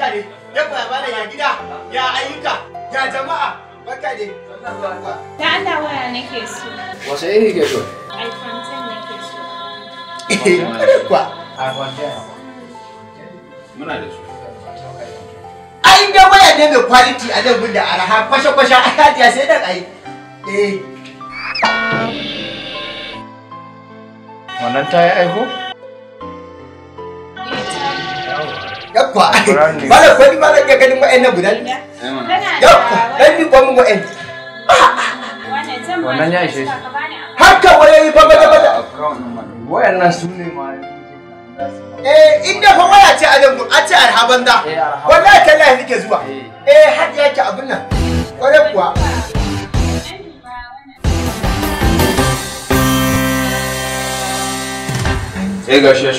barka dai yabba ya gida ya ayyuka ya jama'a barka dai ta Allah waya nake so ke so iPhone nake so kwa muna da su ai ga waya ne mai quality a nan gunda araha kwashe kwashe a kajiya sai da ai eh wannan ta yi aiko? yakwa bala kwani bala ya ganin wa'annan guda ne yakwa dan ni kwamin wa'an wannan ya ishe shi haka wayoyi ba ba ba wa'annan su ne ma eh inda fa waya ce a dan a ce arhaban da eh, wallahi tallahi nake zuwa eh, eh har yake abin nan kwarai kuwa Hey, guys, yes,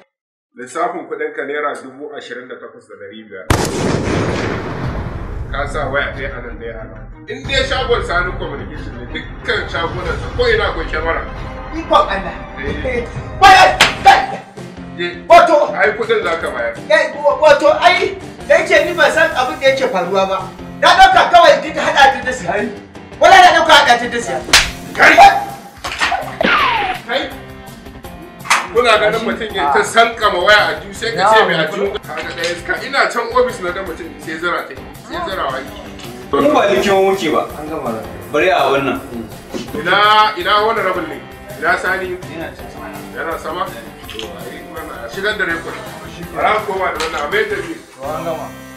lissafin kudin ka naira dubu ashirin da takwas da ɗari biyar ka sa waya ɗaya a nan ɗaya a nan in dai shagon sani communication ne dukkan shagunan sa ko ina akwai kyamara ikon Allah bayan eh. wato yi kudin za ka bayar eh, wato yi da yake ni ban san abin da yake faruwa ba na ɗauka kawai duk haɗa ta da sihari wala na ɗauka haɗa ta da sihari kuna ganin mutum ya ta sanka ma waya a jiyu sai ka ce mai a jiyu ka ina can ofis na ga mutum sai zara ta sai zara wa yi mu ba likin wuce ba an gama bari a wannan ina ina wannan rabin ne ina sani yana sama shigar da rekord bara koma da wannan a mai tafi an gama